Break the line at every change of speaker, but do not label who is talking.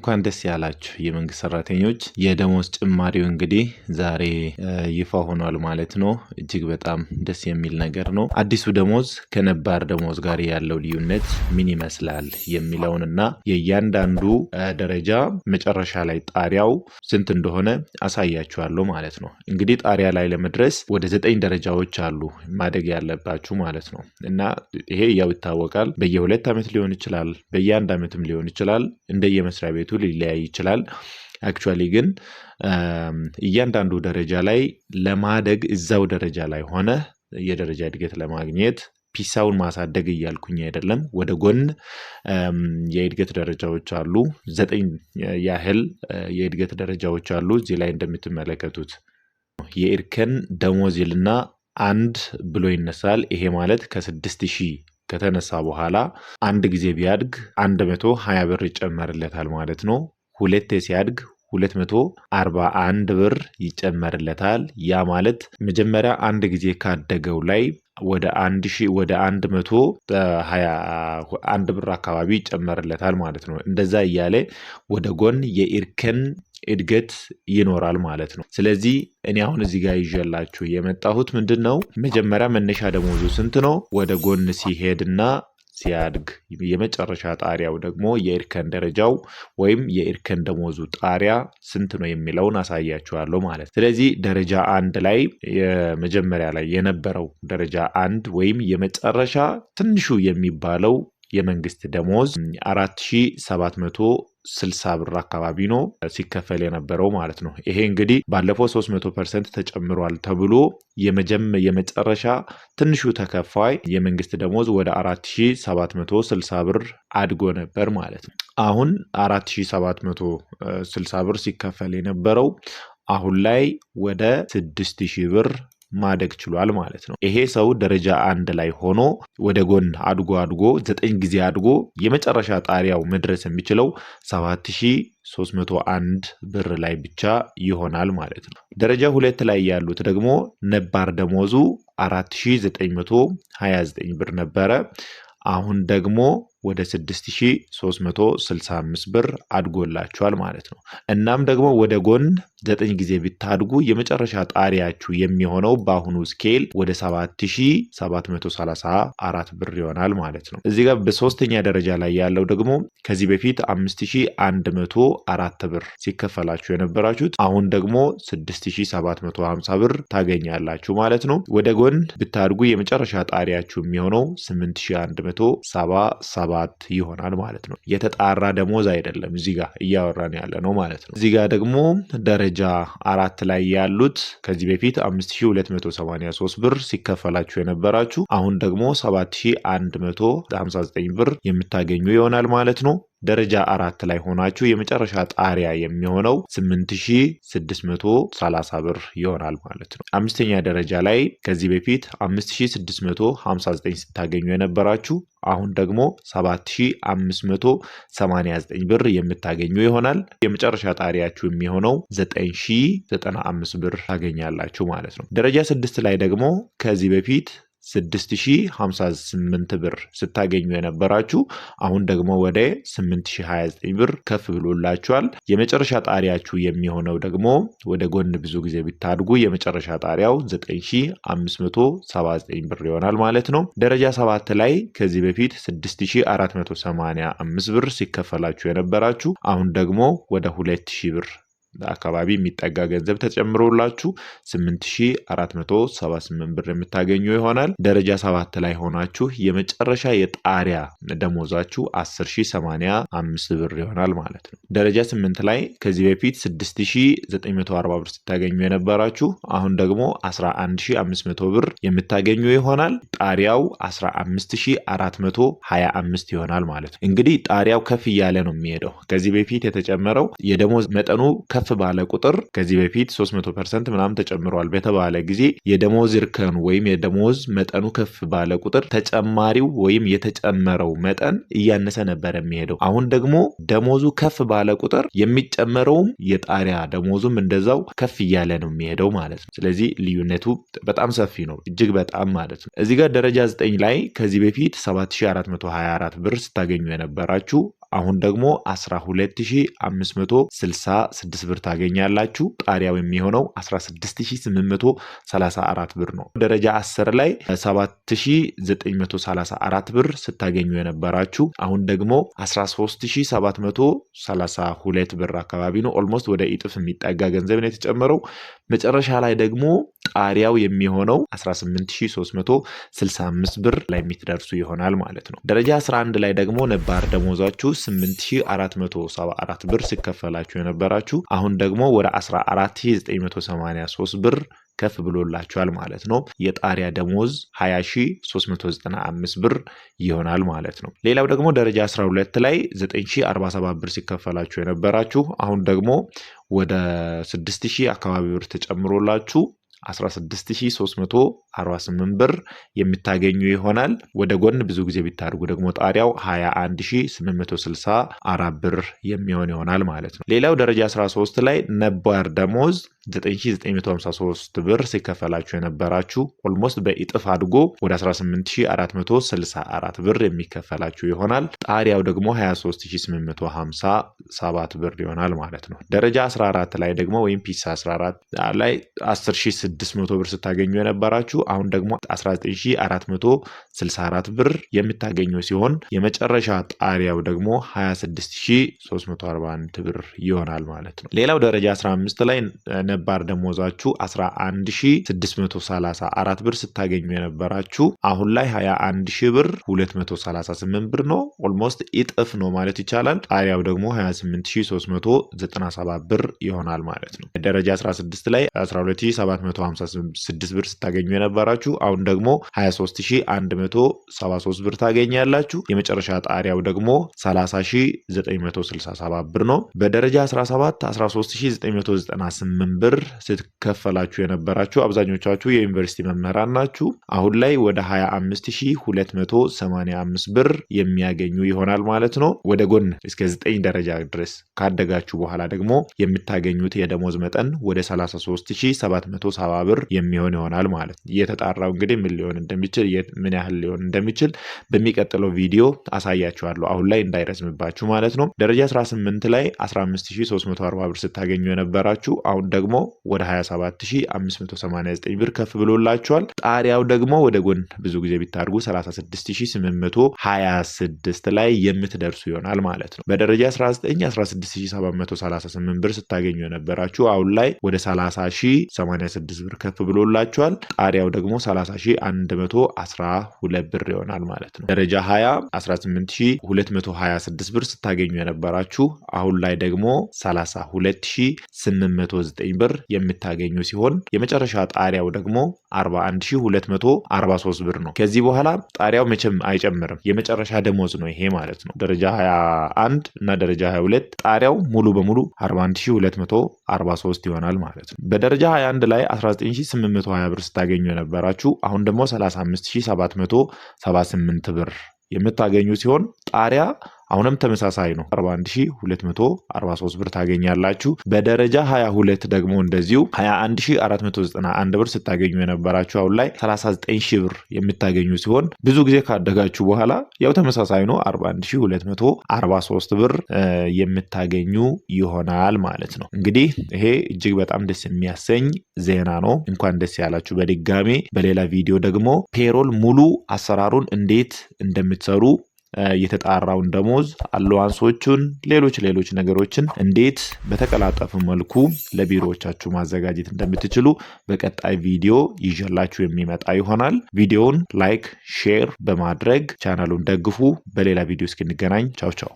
እንኳን ደስ ያላችሁ የመንግስት ሰራተኞች። የደሞዝ ጭማሪው እንግዲህ ዛሬ ይፋ ሆኗል ማለት ነው። እጅግ በጣም ደስ የሚል ነገር ነው። አዲሱ ደሞዝ ከነባር ደሞዝ ጋር ያለው ልዩነት ምን ይመስላል የሚለውን እና የእያንዳንዱ ደረጃ መጨረሻ ላይ ጣሪያው ስንት እንደሆነ አሳያችኋለሁ ማለት ነው። እንግዲህ ጣሪያ ላይ ለመድረስ ወደ ዘጠኝ ደረጃዎች አሉ ማደግ ያለባችሁ ማለት ነው እና ይሄ ያው ይታወቃል። በየሁለት ዓመት ሊሆን ይችላል፣ በየአንድ ዓመትም ሊሆን ይችላል እንደየመስሪያ ቤቱ ውጤቱ ሊለያይ ይችላል። አክቹዋሊ ግን እያንዳንዱ ደረጃ ላይ ለማደግ እዛው ደረጃ ላይ ሆነ የደረጃ እድገት ለማግኘት ፒሳውን ማሳደግ እያልኩኝ አይደለም። ወደ ጎን የእድገት ደረጃዎች አሉ። ዘጠኝ ያህል የእድገት ደረጃዎች አሉ። እዚህ ላይ እንደምትመለከቱት የኢርከን ደሞዝ ይልና አንድ ብሎ ይነሳል። ይሄ ማለት ከስድስት ሺህ ከተነሳ በኋላ አንድ ጊዜ ቢያድግ 120 ብር ይጨመርለታል ማለት ነው። ሁለቴ ሲያድግ 241 ብር ይጨመርለታል። ያ ማለት መጀመሪያ አንድ ጊዜ ካደገው ላይ ወደ አንድ ወደ መቶ ብር አካባቢ ይጨመርለታል ማለት ነው። እንደዛ እያለ ወደ ጎን የኢርከን እድገት ይኖራል ማለት ነው። ስለዚህ እኔ አሁን እዚህ ጋር ይዤላችሁ የመጣሁት ምንድን ነው፣ መጀመሪያ መነሻ ደሞዙ ስንት ነው? ወደ ጎን ሲሄድና ሲያድግ የመጨረሻ ጣሪያው ደግሞ የእርከን ደረጃው ወይም የእርከን ደሞዙ ጣሪያ ስንት ነው የሚለውን አሳያችኋለሁ ማለት ስለዚህ ደረጃ አንድ ላይ የመጀመሪያ ላይ የነበረው ደረጃ አንድ ወይም የመጨረሻ ትንሹ የሚባለው የመንግስት ደሞዝ ስልሳ ብር አካባቢ ነው ሲከፈል የነበረው ማለት ነው። ይሄ እንግዲህ ባለፈው 300 ፐርሰንት ተጨምሯል ተብሎ የመጀመ የመጨረሻ ትንሹ ተከፋይ የመንግስት ደሞዝ ወደ 4760 ብር አድጎ ነበር ማለት ነው። አሁን 4760 ብር ሲከፈል የነበረው አሁን ላይ ወደ 6000 ብር ማደግ ችሏል ማለት ነው። ይሄ ሰው ደረጃ አንድ ላይ ሆኖ ወደ ጎን አድጎ አድጎ ዘጠኝ ጊዜ አድጎ የመጨረሻ ጣሪያው መድረስ የሚችለው 7301 ብር ላይ ብቻ ይሆናል ማለት ነው። ደረጃ ሁለት ላይ ያሉት ደግሞ ነባር ደሞዙ 4929 ብር ነበረ። አሁን ደግሞ ወደ 6365 ብር አድጎላችኋል ማለት ነው። እናም ደግሞ ወደ ጎን ዘጠኝ ጊዜ ብታድጉ የመጨረሻ ጣሪያችሁ የሚሆነው በአሁኑ ስኬል ወደ 7734 ብር ይሆናል ማለት ነው። እዚህ ጋር በሶስተኛ ደረጃ ላይ ያለው ደግሞ ከዚህ በፊት 5104 ብር ሲከፈላችሁ የነበራችሁት አሁን ደግሞ 6750 ብር ታገኛላችሁ ማለት ነው። ወደ ጎን ብታድጉ የመጨረሻ ጣሪያችሁ የሚሆነው 8177 ሰባት ይሆናል ማለት ነው። የተጣራ ደሞዝ አይደለም እዚህ ጋር እያወራን ያለ ነው ማለት ነው። እዚህ ጋር ደግሞ ደረጃ አራት ላይ ያሉት ከዚህ በፊት 5283 ብር ሲከፈላችሁ የነበራችሁ አሁን ደግሞ 7159 ብር የምታገኙ ይሆናል ማለት ነው። ደረጃ አራት ላይ ሆናችሁ የመጨረሻ ጣሪያ የሚሆነው 8630 ብር ይሆናል ማለት ነው። አምስተኛ ደረጃ ላይ ከዚህ በፊት 5659 ስታገኙ የነበራችሁ አሁን ደግሞ 7589 ብር የምታገኙ ይሆናል። የመጨረሻ ጣሪያችሁ የሚሆነው 9095 ብር ታገኛላችሁ ማለት ነው። ደረጃ ስድስት ላይ ደግሞ ከዚህ በፊት 6058 ብር ስታገኙ የነበራችሁ አሁን ደግሞ ወደ 8029 ብር ከፍ ብሎላችኋል። የመጨረሻ ጣሪያችሁ የሚሆነው ደግሞ ወደ ጎን ብዙ ጊዜ ቢታድጉ የመጨረሻ ጣሪያው 9579 ብር ይሆናል ማለት ነው። ደረጃ ሰባት ላይ ከዚህ በፊት 6485 ብር ሲከፈላችሁ የነበራችሁ አሁን ደግሞ ወደ 2000 ብር አካባቢ የሚጠጋ ገንዘብ ተጨምሮላችሁ 8478 ብር የምታገኙ ይሆናል። ደረጃ 7 ላይ ሆናችሁ የመጨረሻ የጣሪያ ደሞዛችሁ 10085 ብር ይሆናል ማለት ነው። ደረጃ 8 ላይ ከዚህ በፊት 6940 ብር ስታገኙ የነበራችሁ አሁን ደግሞ 11500 ብር የምታገኙ ይሆናል። ጣሪያው 15425 ይሆናል ማለት ነው። እንግዲህ ጣሪያው ከፍ እያለ ነው የሚሄደው። ከዚህ በፊት የተጨመረው የደሞዝ መጠኑ ከፍ ባለ ቁጥር ከዚህ በፊት 300 ፐርሰንት ምናምን ተጨምሯል በተባለ ጊዜ የደሞዝ እርከኑ ወይም የደሞዝ መጠኑ ከፍ ባለ ቁጥር ተጨማሪው ወይም የተጨመረው መጠን እያነሰ ነበር የሚሄደው። አሁን ደግሞ ደሞዙ ከፍ ባለ ቁጥር የሚጨመረውም የጣሪያ ደሞዙም እንደዛው ከፍ እያለ ነው የሚሄደው ማለት ነው። ስለዚህ ልዩነቱ በጣም ሰፊ ነው፣ እጅግ በጣም ማለት ነው። እዚህ ጋር ደረጃ 9 ላይ ከዚህ በፊት 7424 ብር ስታገኙ የነበራችሁ አሁን ደግሞ 12566 ብር ታገኛላችሁ። ጣሪያው የሚሆነው 16834 ብር ነው። ደረጃ 10 ላይ 7934 ብር ስታገኙ የነበራችሁ አሁን ደግሞ 13732 ብር አካባቢ ነው። ኦልሞስት ወደ ኢጥፍ የሚጠጋ ገንዘብ ነው የተጨመረው። መጨረሻ ላይ ደግሞ ጣሪያው የሚሆነው 18365 ብር ላይ የሚትደርሱ ይሆናል ማለት ነው። ደረጃ 11 ላይ ደግሞ ነባር ደሞዛችሁ 8474 ብር ሲከፈላችሁ የነበራችሁ አሁን ደግሞ ወደ 14983 ብር ከፍ ብሎላቸዋል ማለት ነው። የጣሪያ ደሞዝ 20395 ብር ይሆናል ማለት ነው። ሌላው ደግሞ ደረጃ 12 ላይ 9047 ብር ሲከፈላችሁ የነበራችሁ አሁን ደግሞ ወደ 6000 አካባቢ ብር ተጨምሮላችሁ 16348 ብር የሚታገኙ ይሆናል። ወደ ጎን ብዙ ጊዜ ቢታደርጉ ደግሞ ጣሪያው 21864 ብር የሚሆን ይሆናል ማለት ነው። ሌላው ደረጃ 13 ላይ ነባር ደሞዝ 9953 ብር ሲከፈላችሁ የነበራችሁ ኦልሞስት በኢጥፍ አድጎ ወደ 18464 ብር የሚከፈላችሁ ይሆናል። ጣሪያው ደግሞ 23857 ብር ይሆናል ማለት ነው። ደረጃ 14 ላይ ደግሞ ወይም ፒስ 14 ላይ 10600 ብር ስታገኙ የነበራችሁ አሁን ደግሞ 19464 ብር የምታገኙ ሲሆን የመጨረሻ ጣሪያው ደግሞ 26341 ብር ይሆናል ማለት ነው። ሌላው ደረጃ 15 ላይ ነባር ደሞዛችሁ 11634 ብር ስታገኙ የነበራችሁ አሁን ላይ 21 ሺህ ብር 238 ብር ነው። ኦልሞስት ኢጥፍ ነው ማለት ይቻላል። ጣሪያው ደግሞ 28397 ብር ይሆናል ማለት ነው። ደረጃ 16 ላይ 12756 ብር ስታገኙ የነበራችሁ አሁን ደግሞ 23173 ብር ታገኛላችሁ። የመጨረሻ ጣሪያው ደግሞ 30967 ብር ነው። በደረጃ 17 13998 ብር ስትከፈላችሁ የነበራችሁ አብዛኞቻችሁ የዩኒቨርሲቲ መምህራን ናችሁ። አሁን ላይ ወደ 25285 ብር የሚያገኙ ይሆናል ማለት ነው። ወደ ጎን እስከ 9 ደረጃ ድረስ ካደጋችሁ በኋላ ደግሞ የምታገኙት የደሞዝ መጠን ወደ 33770 ብር የሚሆን ይሆናል ማለት ነው። እየተጣራው እንግዲህ ምን ሊሆን እንደሚችል ምን ያህል ሊሆን እንደሚችል በሚቀጥለው ቪዲዮ አሳያችኋለሁ። አሁን ላይ እንዳይረዝምባችሁ ማለት ነው። ደረጃ 18 ላይ 15340 ብር ስታገኙ የነበራችሁ አሁን ደግሞ ደግሞ ወደ 27589 ብር ከፍ ብሎላቸዋል። ጣሪያው ደግሞ ወደ ጎን ብዙ ጊዜ ቢታርጉ 36826 ላይ የምትደርሱ ይሆናል ማለት ነው። በደረጃ 19 16738 ብር ስታገኙ የነበራችሁ አሁን ላይ ወደ 30086 ብር ከፍ ብሎላቸዋል። ጣሪያው ደግሞ 30112 ብር ይሆናል ማለት ነው። ደረጃ 20 18226 ብር ስታገኙ የነበራችሁ አሁን ላይ ደግሞ 32809 ብር የምታገኙ ሲሆን የመጨረሻ ጣሪያው ደግሞ 41243 ብር ነው። ከዚህ በኋላ ጣሪያው መቼም አይጨምርም። የመጨረሻ ደሞዝ ነው ይሄ ማለት ነው። ደረጃ 21 እና ደረጃ 22 ጣሪያው ሙሉ በሙሉ 41243 ይሆናል ማለት ነው። በደረጃ 21 ላይ 19820 ብር ስታገኙ የነበራችሁ አሁን ደግሞ 35778 ብር የምታገኙ ሲሆን ጣሪያ አሁንም ተመሳሳይ ነው 41243 ብር ታገኛላችሁ። በደረጃ 22 ደግሞ እንደዚሁ 21491 ብር ስታገኙ የነበራችሁ አሁን ላይ 39 ሺ ብር የምታገኙ ሲሆን ብዙ ጊዜ ካደጋችሁ በኋላ ያው ተመሳሳይ ነው 41243 ብር የምታገኙ ይሆናል ማለት ነው። እንግዲህ ይሄ እጅግ በጣም ደስ የሚያሰኝ ዜና ነው። እንኳን ደስ ያላችሁ። በድጋሜ በሌላ ቪዲዮ ደግሞ ፔሮል ሙሉ አሰራሩን እንዴት እንደምትሰሩ የተጣራውን ደሞዝ አለዋንሶቹን፣ ሌሎች ሌሎች ነገሮችን እንዴት በተቀላጠፈ መልኩ ለቢሮዎቻችሁ ማዘጋጀት እንደምትችሉ በቀጣይ ቪዲዮ ይዤላችሁ የሚመጣ ይሆናል። ቪዲዮውን ላይክ፣ ሼር በማድረግ ቻናሉን ደግፉ። በሌላ ቪዲዮ እስክንገናኝ ቻው ቻው።